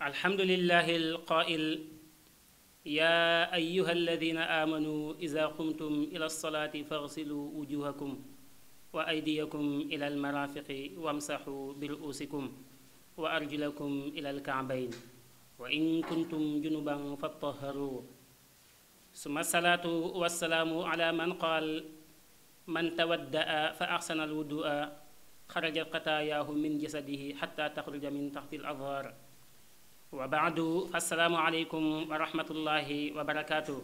الحمد لله القائل يا أيها الذين آمنوا إذا قمتم إلى الصلاة فاغسلوا وجوهكم وأيديكم إلى المرافق وامسحوا برؤوسكم وأرجلكم إلى الكعبين وإن كنتم جنبا فاطهروا ثم الصلاة والسلام على من قال من تودأ فأحسن الوضوء خرجت خطاياه من جسده حتى تخرج من تحت الأظهار wa baadu assalaamu aleykum wa rahmatullahi wa barakaatu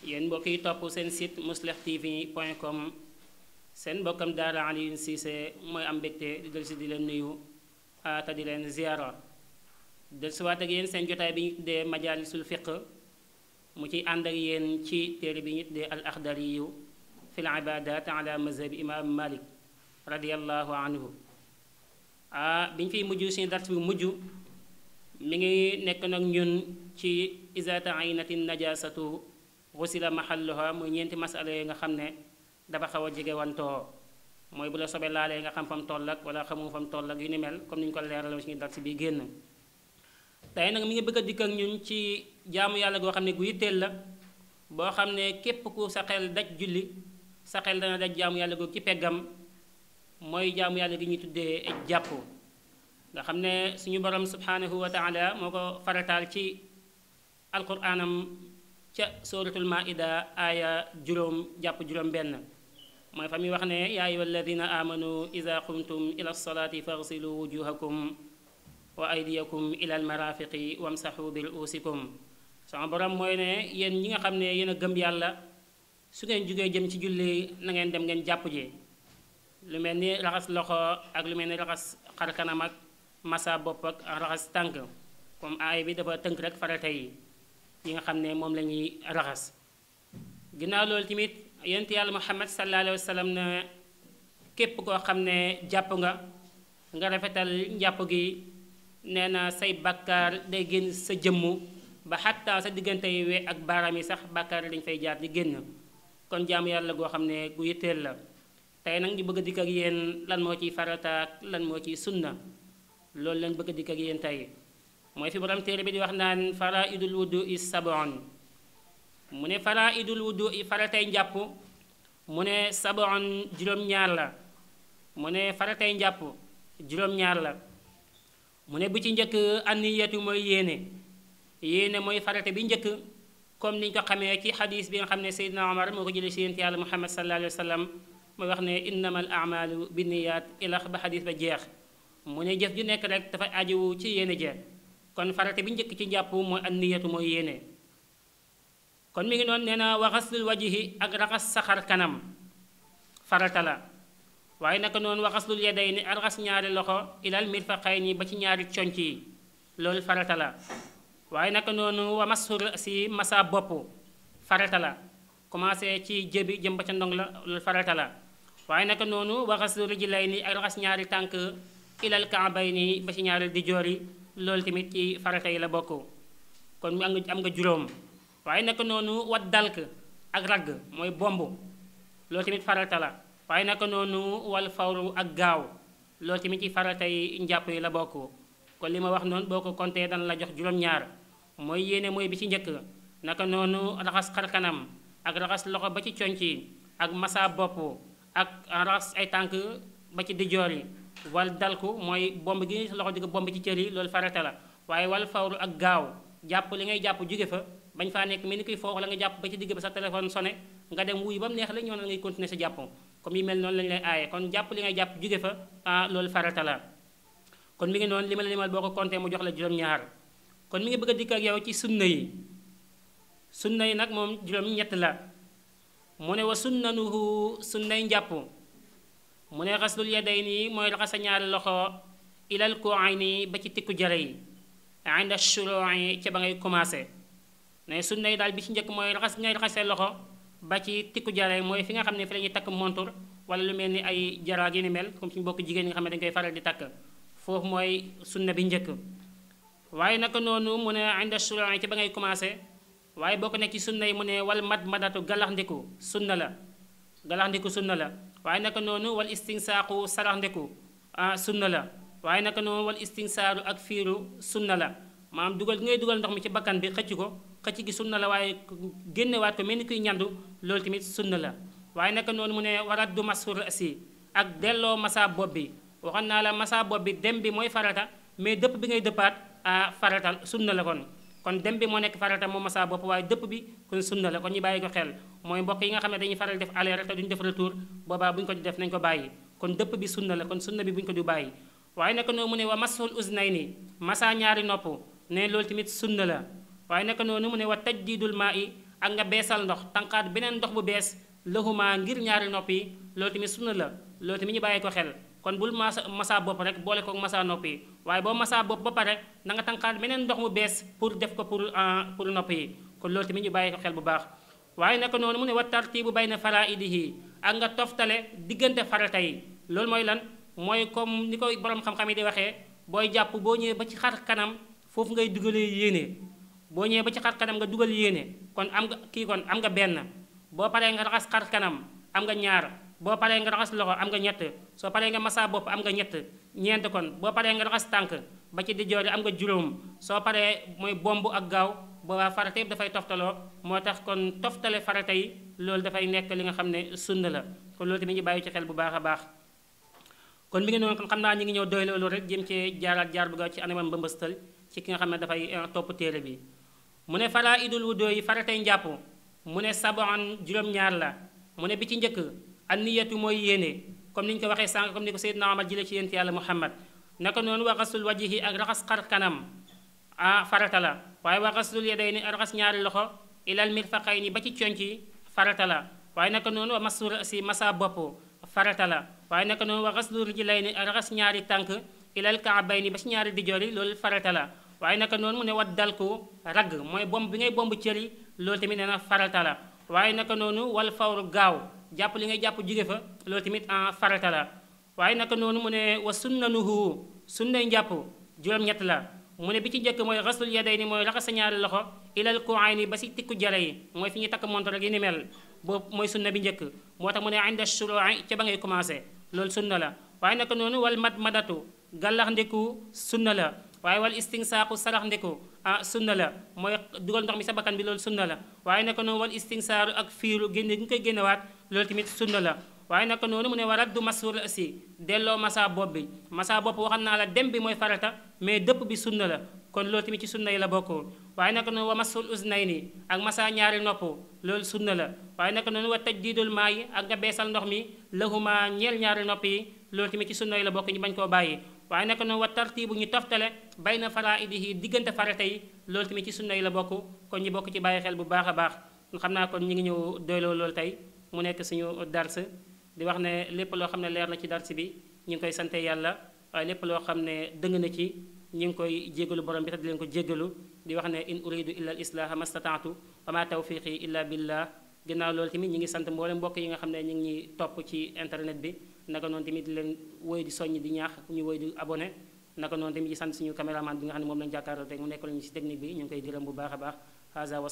yéen mbokk yi topp seen site muslih tv point com seen mbokkam daara Alioune Cissé mooy am mbégte di dellusi di leen nuyu ah, te di leen ziyaara dellusiwaat ak yéen seen jotaay bi ñu tuddee majaalisul fiq mu ci ànd ak yéen ci téere bi ñu tuddee al axdariyu fi l ibadat ala mazhabi imam malik radiallahu anhu ah, bi ñu fiy mujj suñu dars bi mujj mi ngi nekk nag ñun ci iza ta'aynati najasatu ghusila mahalluha muy ñeenti masala yi nga xam ne dafa xaw a jege wantoo mooy bu la sobe laalee nga xam fa mu toll ak wala xamu fa mu toll ak yu ni mel comme ni ñu ko leeralal suñu dal si bii génn tey nag mi ngi bëgg a dikk ak ñun ci jaamu yàlla goo xam ne gu yitteel la boo xam ne képp ku sa xel daj julli sa xel dana daj jaamu yàlla googu ci peggam mooy jaamu yàlla gi ñuy tuddee jàpp nga xam ne suñu borom subhanahu wa taala moo ko farataal ci alquraanam ca suratul maida aaya juróom jàpp juróom benn mooy fa muy wax ne yaa ayyuha alladina amanu ida qumtum ila lsalaati faghsilu wujuhakum wa aydiyakum ila almarafiqi wamsaxu bi ruusikum sama borom mooy ne yéen ñi nga xam ne yéen a gëm yàlla su ngeen jógee jëm ci julli na dem ngeen jàpp ji lu mel ni raxas loxo ak lu mel ni raxas xar kanam massa bopp ak raxas tànk comme aay bi dafa tënk rek farata yi yi nga xam ne moom lañuy raxas ginnaaw loolu tamit yonent yàlla muhammad sallallahu alayhi wa képp koo xam ne jàpp nga nga rafetal njàpp gi nee na say bàkkaar day génn sa jëmm ba xattaa sa diggante yi we ak baaraam yi sax bàkkaar dañ fay jaar di génn kon jaamu yàlla goo xam ne gu yitteel la tey nag ñu bëgg a dikk ak yéen lan moo ciy farata ak lan moo ciy sunna loolu lañ bëgg a dikk ak yéen tey mooy fi borom téere bi di wax naan faraidul wudu i sabon mu ne faraidul wudu i faratay njàpp mu ne sabon juróom-ñaar la mu ne faratay njàpp juróom-ñaar la mu ne ci njëkk anniyatu mooy yéene yéene mooy farata bi njëkk comme niñ ko xamee ci xadis bi nga xam ne Seydina Omar moo ko jëlee si yéen yàlla Muhammad sallallahu alayhi wa sallam mooy wax ne innamal amalu binniyaat ilax ba xadiis ba jeex mu ne jëf ju nekk rek dafa ajiwu ci yéene jeex kon farate bi njëkk ci njàpp mooy an niyatu mooy yéene kon mu ngi noonu nee na wa xaslul wajihi ak raxas saxaar kanam farata la waaye naka noonu wa xaslul yadayni ak raxas ñaari loxo ilal mirfaqayni ba ci ñaari conc yi loolu farata waaye naka noonu wa si masa bopp farata la commencé ci jëbi jëm ba ca ndong la loolu farata la waaye naka noonu wa xaslul rijlayni ak raxas ñaari tànk ilal kaabayni ba ci ñaareel di joor yi loolu tamit ci farata yi la bokk kon mu am nga juróom waaye naka noonu wat dalk ak ragg mooy bomb loolu tamit farata la waaye naka noonu wal fawru ak gaaw loolu tamit ci farata yi njàpp yi la bokk kon li ma wax noonu boo ko compté dana la jox juróom-ñaar mooy yéene mooy bi ci njëkk naka noonu raxas xarkanam ak raxas loxo ba ci conc yi ak massa bopp ak raxas ay tànk ba ci dijoor yi wal dalku mooy bomb gi sa loxo di bomb ci cër yi loolu farata la waaye wal fawru ak gaaw jàpp li ngay jàpp jóge fa bañ faa nekk mel ni koy foofu la nga jàpp ba ci digg ba sa téléphone sonné nga dem wuyu ba mu neex la ñoo na ngay continuer sa jàppam comme yi mel noonu lañu kon jàpp li jàpp jóge fa ah loolu kon mi ngi noonu li ma la limal boo ko compté mu jox la juróom-ñaar kon mi ngi bëgg a dikk ak yow ci sunna yi sunna yi nag moom juróom ñett la mu ne wa sunnanuhu sunnay njàpp mu ne xaslul yadayn yi mooy raxas sa ñaari loxo ilal kuayni ba ci tikku jare yi inda shuru'i ca ba ngay commencé sun na yi daal bi ci njëkk mooy raxas ngay raxasee loxo ba ci tikku jare mooy fi nga xam ne fi la takk montur wala lu mel ni ay jaraag yi ni mel comme suñu bokk jigéen ñi nga xam ne dañu koy faral di takk foofu mooy na bi njëkk waaye naka noonu mu ne inda shuru'i ca ba ngay commencé waaye bokk na ci sunna yi mu ne wal mad madatu galax ndiku la galax ndiku sunna la waaye naka noonu wal istinsaaqu sarax ndiku ah, sunna la waaye naka noonu wal istinsaaru ak fiiru sunna la maam dugal ngay dugal ndox mi ci bakkan bi xëcc ko xëcc gi sunna la waaye génnewaat ko mel ni kuy ñandu loolu tamit sunna la waaye naka noonu mu ne waraat du masu rasi ak delloo masaa bopp bi waxoon naa la masa bopp bi dem bi mooy farata mais dëpp bi ngay dëppaat ah, farata sunna la kon kon dem bi moo nekk faral farata moo masaa bopp waaye dëpp bi kon sunna la kon ñu bàyyi ko xel mooy mbokk yi nga xam ne dañuy faral def aller te duñu def retour boobaa bu ñu ko def nañ ko bàyyi kon dëpp bi sunna la kon sunna bi bu ñu ko du bàyyi waaye naka noonu mu ne wa masul usnay nii masaa ñaari nopp ne loolu tamit sunna la waaye naka noonu mu ne wa tajdiidul maa i ak nga beesal ndox tànqaat beneen ndox bu bees lahuma ngir ñaari nopp yi loolu tamit sunna la loolu tamit ñu bàyyi xel kon bul masa masa bopp rek boole ko masa nopp yi waaye boo masa bopp ba pare nanga nga tànqaat ndox mu bees pour def ko pour euh, pour nopp yi kon loolu tamit ñu bàyyi ko xel bu baax waaye naka noonu mu ne wa faraa bayna faraidihi ak nga toftale diggante farata yi loolu mooy lan mooy comme ni koy borom xam-xam yi di waxee booy jàpp boo ñëwee ba ci xar kanam foofu ngay dugalee yéene boo ñëwee ba ci xar kanam nga dugal yéene kon am nga kii kon am nga benn boo paree nga raxas xar kanam am nga ñaar boo paree nga raxas loxo am nga ñett soo paree nga masaa bopp am nga ñett ñeent kon boo paree nga raxas tànk ba ci dijoor yi am nga juróom soo paree mooy bomb ak gaaw boobaa farata yëpp dafay toftaloo moo tax kon toftale farata yi loolu dafay nekk li nga xam ne sunna la kon loolu tamit ñu bàyyi ci xel bu baax a baax kon mi ngi noonu xam naa ñi ngi ñëw doy loolu rek jëm ci jaaraat jaar bu gaaw ci anamam mbëmbëstal ci ki nga xam ne dafay euh, topp téere bi mu ne faraa idul wudo yi faratay njàpp mu ne saboon juróom-ñaar la mu ne bi ci njëkk an niyatu mooy yéene comme ni ñu ko waxee sànq comme ni ko Seydina Omar jëlee ci yéen ci yàlla Muhammad naka noonu wa xasul wajihi ak raxas xar kanam ah farata la waaye wa xasul yadayni ak raxas ñaari loxo ilal mirfaqayni ba ci conci farata la waaye naka noonu wa masu si masa bopp farata la waaye naka noonu wa xasul rijlayni ak raxas ñaari tànk ilal kaabayni ba ci ñaari dijoori loolu farata la waaye naka noonu mu ne wa dalku ragg mooy bomb bi ngay bomb cëri loolu tamit nee na farata la waaye naka noonu wal fawru gaaw jàpp li ngay jàpp jóge fa loolu tamit en farata la waaye naka noonu mu ne wa sunnanuhu sunnay njàpp juróom-ñett la mu ne bi ci njëkk mooy rasul yaday ni mooy raxas sa ñaari loxo ilal kuayni ba si tikku jare yi mooy fi ñuy takk montre gi ni mel boobu mooy sunna bi njëkk moo tax mu ne inda shuroi ca ba ngay commencé loolu sunna la waaye naka noonu wal mad madatu gàllax ndiku la waaye wal istinsaaqu sarax ndiku ah sunna la mooy dugal mi sa bakkan bi loolu sunna la waaye naka noonu ak fiiru génne gi ñu koy génnewaat loolu tamit sunna la waaye naka noonu mu ne wa raddu masur asi delloo masa bopp bi masaa bopp waxam naa la dem bi mooy farata mais dëpp bi sunna la kon loolu tamit ci sunna yi la bokkoo waaye naka noonu wa masul uznayni ak masa ñaari nopp loolu sunna la waaye naka noonu wa tajdiidul maa yi ak nga beesal ndox mi lahuma ñeel ñaari nopp yi loolu tamit ci sunna la bokk ñu bañ koo bàyyi waaye naka noonu wa tartiibu ñu toftale bay na faraidihi diggante farata yi loolu tamit ci sunna la bokk kon ñi bokk ci bàyyi xel bu baax a baax xam naa kon ñu ngi ñëw doyloo loolu tey mu nekk suñu dars di wax ne lépp loo xam ne leer na ci dars bi ñu ngi koy sante yàlla waaye lépp loo xam ne dëng na ci ñu ngi koy jégalu borom bi te di leen ko jégalu di wax ne in uridu illa al islaha mastataatu wa ma tawfiqi illa billah ginnaaw loolu tamit ñi ngi sant mboolem mbokk yi nga xam ne ñu ngi ñuy topp ci internet bi naka noonu tamit di leen woy di soññ di ñaax ñu woy di abonné naka noonu tamit di sant suñu caméraman bi nga xam ne moom lañu jàkkaarloo koy gërëm bu baax a